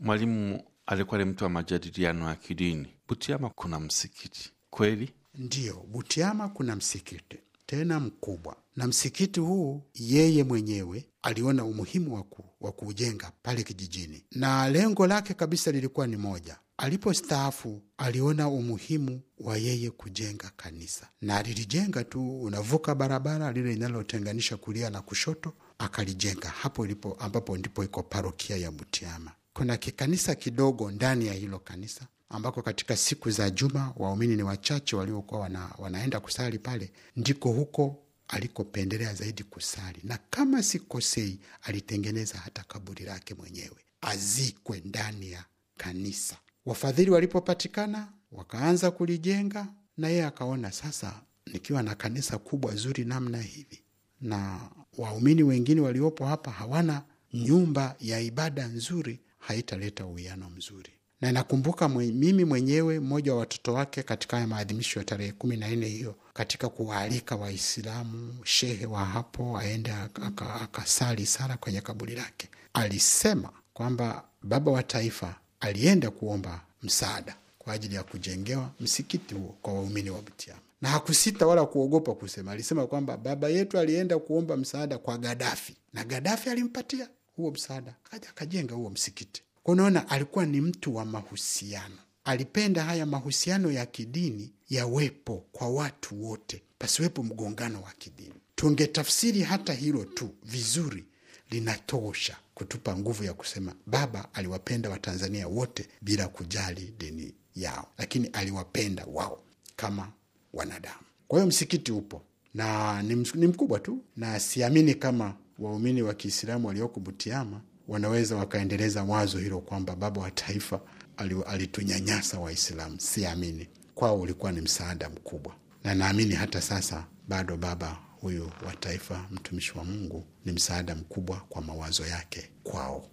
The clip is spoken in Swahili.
Mwalimu alikuwa ni mtu wa majadiliano ya kidini. Butiama kuna msikiti kweli? Ndiyo, Butiama kuna msikiti tena mkubwa, na msikiti huu yeye mwenyewe aliona umuhimu wa kuujenga pale kijijini, na lengo lake kabisa lilikuwa ni moja. Alipostaafu aliona umuhimu wa yeye kujenga kanisa, na alilijenga tu, unavuka barabara lile linalotenganisha kulia na kushoto, akalijenga hapo ilipo, ambapo ndipo iko parokia ya Butiama kuna kikanisa kidogo ndani ya hilo kanisa ambako katika siku za juma waumini ni wachache waliokuwa wana, wanaenda kusali pale, ndiko huko alikopendelea zaidi kusali, na kama sikosei, alitengeneza hata kaburi lake mwenyewe azikwe ndani ya kanisa. Wafadhili walipopatikana wakaanza kulijenga, na yeye akaona sasa, nikiwa na kanisa kubwa zuri namna hivi na waumini wengine waliopo hapa hawana nyumba ya ibada nzuri, haitaleta uwiano mzuri. Na nakumbuka mwe, mimi mwenyewe mmoja wa watoto wake katika haya maadhimisho ya tarehe kumi na nne hiyo, katika kuwaalika Waislamu, shehe wa hapo aende akasali sala kwenye kaburi lake, alisema kwamba baba wa taifa alienda kuomba msaada kwa ajili ya kujengewa msikiti huo kwa waumini wa Butiama, na hakusita wala kuogopa kusema. Alisema kwamba baba yetu alienda kuomba msaada kwa Gadafi na Gadafi alimpatia huo msaada, akaja akajenga huo msikiti. Kwa unaona, alikuwa ni mtu wa mahusiano, alipenda haya mahusiano ya kidini yawepo kwa watu wote, pasiwepo mgongano wa kidini. Tungetafsiri hata hilo tu vizuri, linatosha kutupa nguvu ya kusema Baba aliwapenda Watanzania wote bila kujali dini yao, lakini aliwapenda wao kama wanadamu. Kwa hiyo msikiti upo na ni mkubwa tu, na siamini kama waumini wa Kiislamu walioko Butiama wanaweza wakaendeleza wazo hilo kwamba baba wa taifa alitunyanyasa Waislamu. Siamini, kwao ulikuwa ni msaada mkubwa, na naamini hata sasa bado baba huyu wa taifa, mtumishi wa Mungu, ni msaada mkubwa kwa mawazo yake kwao.